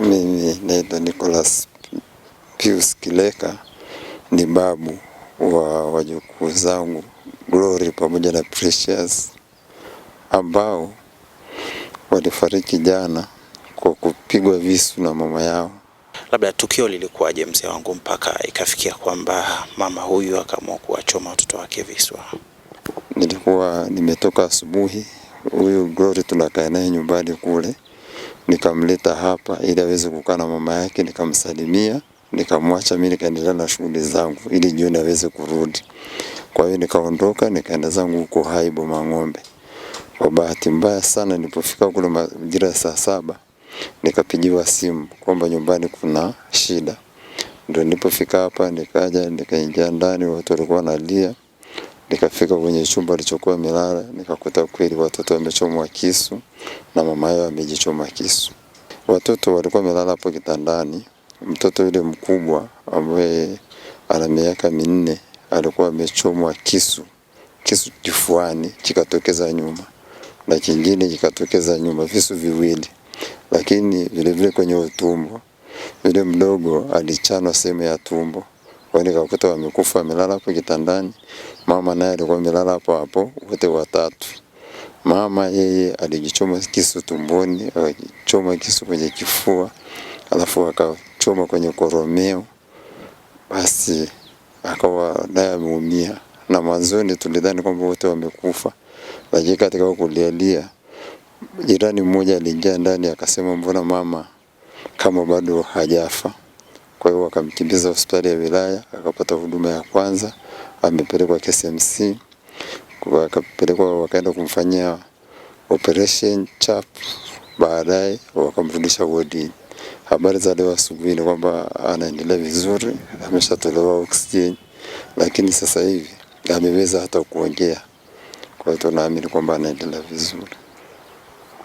Mimi naitwa Nicholas Pius Kileka, ni babu wa wajukuu zangu Glory pamoja na Precious ambao walifariki jana kwa kupigwa visu na mama yao. Labda tukio lilikuwaje mzee wangu mpaka ikafikia kwamba mama huyu akaamua kuwachoma watoto wake visu? Nilikuwa nimetoka asubuhi, huyu Glory tunakaa naye nyumbani kule nikamleta hapa ili aweze kukaa na mama yake, nikamsalimia, nikamwacha mimi, nikaendelea na shughuli zangu ili jioni aweze kurudi. Kwa hiyo nikaondoka, nikaenda zangu huko Hai Bomang'ombe. Kwa bahati mbaya sana, nilipofika kule majira ya saa saba nikapigiwa simu kwamba nyumbani kuna shida. Ndio nilipofika hapa, nikaja nikaingia ndani, watu walikuwa wanalia Nikafika kwenye chumba alichokuwa amelala, nikakuta kweli watoto wamechomwa kisu na mama yao amejichoma kisu. Watoto walikuwa wamelala hapo kitandani. Mtoto yule mkubwa ambaye ana miaka minne alikuwa amechomwa kisu, kisu kifuani kikatokeza nyuma na kingine kikatokeza nyuma, visu viwili, lakini vilevile kwenye utumbo. Yule mdogo alichanwa sehemu ya tumbo. Kwa hiyo nikakuta wamekufa wamelala hapo kitandani. Mama naye alikuwa amelala hapo hapo, wote watatu. Mama yeye alijichoma kisu tumboni, alichoma kisu kwenye kifua, alafu akachoma kwenye koromeo, basi akawa naye ameumia, na mwanzoni tulidhani kwamba wote wamekufa, lakini katika kulialia jirani mmoja aliingia ndani akasema, mbona mama kama bado hajafa? Kwa hiyo wakamkimbiza hospitali ya wilaya akapata huduma ya kwanza, amepelekwa KCMC, akapelekwa wakaenda kumfanyia operation chap, baadaye wakamrudisha wodi. Habari za leo asubuhi ni kwamba anaendelea vizuri, ameshatolewa oksijeni, lakini sasa hivi ameweza hata kuongea. Kwa hiyo tunaamini kwamba anaendelea vizuri.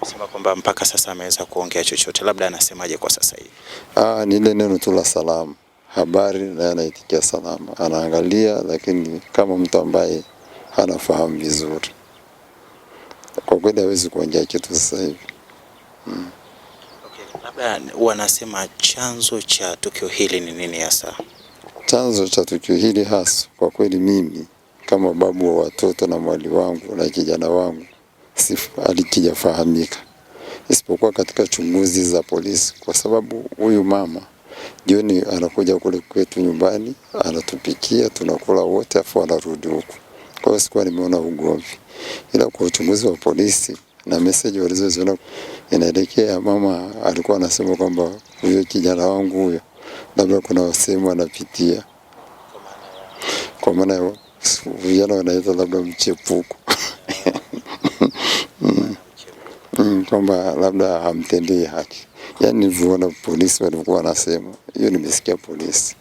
Anasema kwamba mpaka sasa ameweza kuongea chochote, labda anasemaje kwa sasa hivi? Ah, ni ile neno tu la salamu habari, na anaitikia salama, anaangalia, lakini kama mtu ambaye anafahamu vizuri, kwa kweli hawezi kuongea kitu sasa hivi hmm. Okay, labda wanasema chanzo cha tukio hili ni nini hasa? Chanzo cha tukio hili hasa, kwa kweli mimi kama babu wa watoto na mwali wangu na kijana wangu alikijafahamika isipokuwa katika chunguzi za polisi, kwa sababu huyu mama jioni anakuja kule kwetu nyumbani, anatupikia tunakula wote, afu anarudi huku. Kwa hiyo sikuwa nimeona ugomvi, ila kwa uchunguzi wa polisi na meseji walizoziona inaelekea mama alikuwa anasema kwamba huyo kijana wangu huyo labda kuna sehemu anapitia, kwa maana vijana wanaita labda mchepuko. mm, kwamba labda hamtendei haki. yani nilivyoona polisi walikuwa wanasema hiyo, nimesikia polisi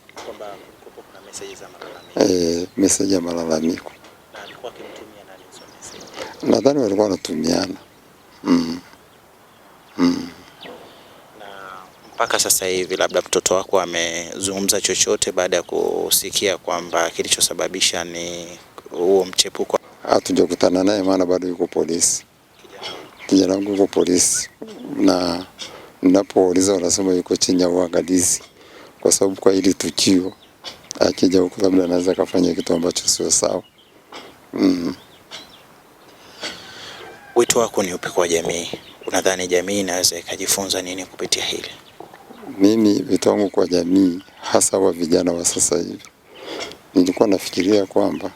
eh, meseji ya malalamiko Nadhani walikuwa wanatumiana mm. mm. mpaka sasa hivi labda mtoto wako amezungumza chochote baada ya kusikia kwamba kilichosababisha ni huo mchepuko? Hatujakutana naye maana bado yuko polisi jina langu yuko polisi, na ninapouliza wanasema yuko chini ya uangalizi, kwa sababu kwa hili tukio akija huko labda anaweza akafanya kitu ambacho sio sawa. Mm. Wito wako ni upi kwa jamii? Unadhani jamii inaweza ikajifunza nini kupitia hili? Mimi wito wangu kwa jamii, hasa wa vijana wa sasa hivi, nilikuwa nafikiria kwamba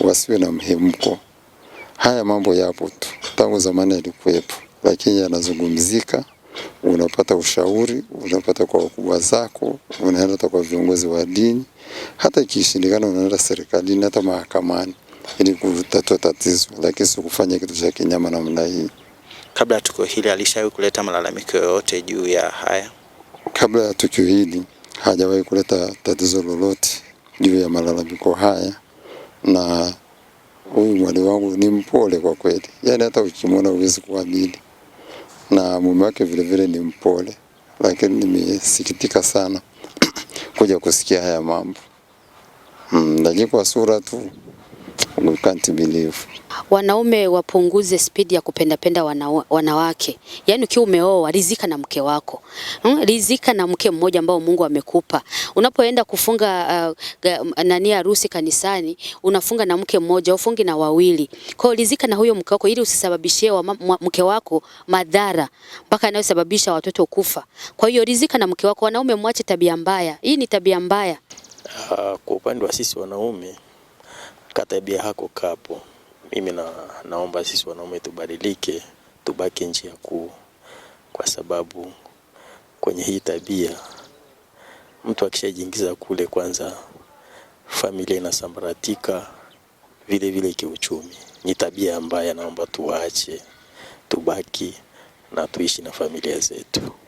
wasiwe na mhemko. Haya mambo yapo tu, tangu zamani yalikuwepo, lakini yanazungumzika, unapata ushauri, unapata kwa wakubwa zako, unaenda kwa viongozi wa dini, hata ikishindikana unaenda serikalini, hata mahakamani ili kutatua tatizo, lakini si kufanya kitu cha kinyama namna hii. Kabla ya tukio hili alishawahi kuleta malalamiko yoyote juu ya haya? Kabla ya tukio hili hajawahi kuleta tatizo lolote juu ya malalamiko haya na huyu mwali wangu ni mpole kwa kweli, yani hata ukimwona uwezi kuamini, na mume wake vilevile ni mpole, lakini nimesikitika sana kuja kusikia haya mambo mm, lakini kwa sura tu we can't believe. Wanaume wapunguze spidi ya kupendapenda wana, wanawake. Yaani ukiwa umeoa rizika na mke wako hmm? Rizika na mke mmoja ambao Mungu amekupa. Unapoenda kufunga uh, nani harusi kanisani, unafunga na mke mmoja, ufungi na wawili. Kwa hiyo rizika na huyo mke wako ili usisababishie wa mke wako madhara mpaka anayosababisha watoto kufa. Kwa hiyo rizika na mke wako. Wanaume mwache tabia mbaya. Hii ni tabia mbaya. Uh, kwa upande wa sisi wanaume katabia hako kapo. Mimi na, naomba sisi wanaume tubadilike, tubaki njia kuu, kwa sababu kwenye hii tabia mtu akishajiingiza kule, kwanza familia inasambaratika, vile vile kiuchumi. Ni tabia ambayo naomba tuache, tubaki na tuishi na familia zetu.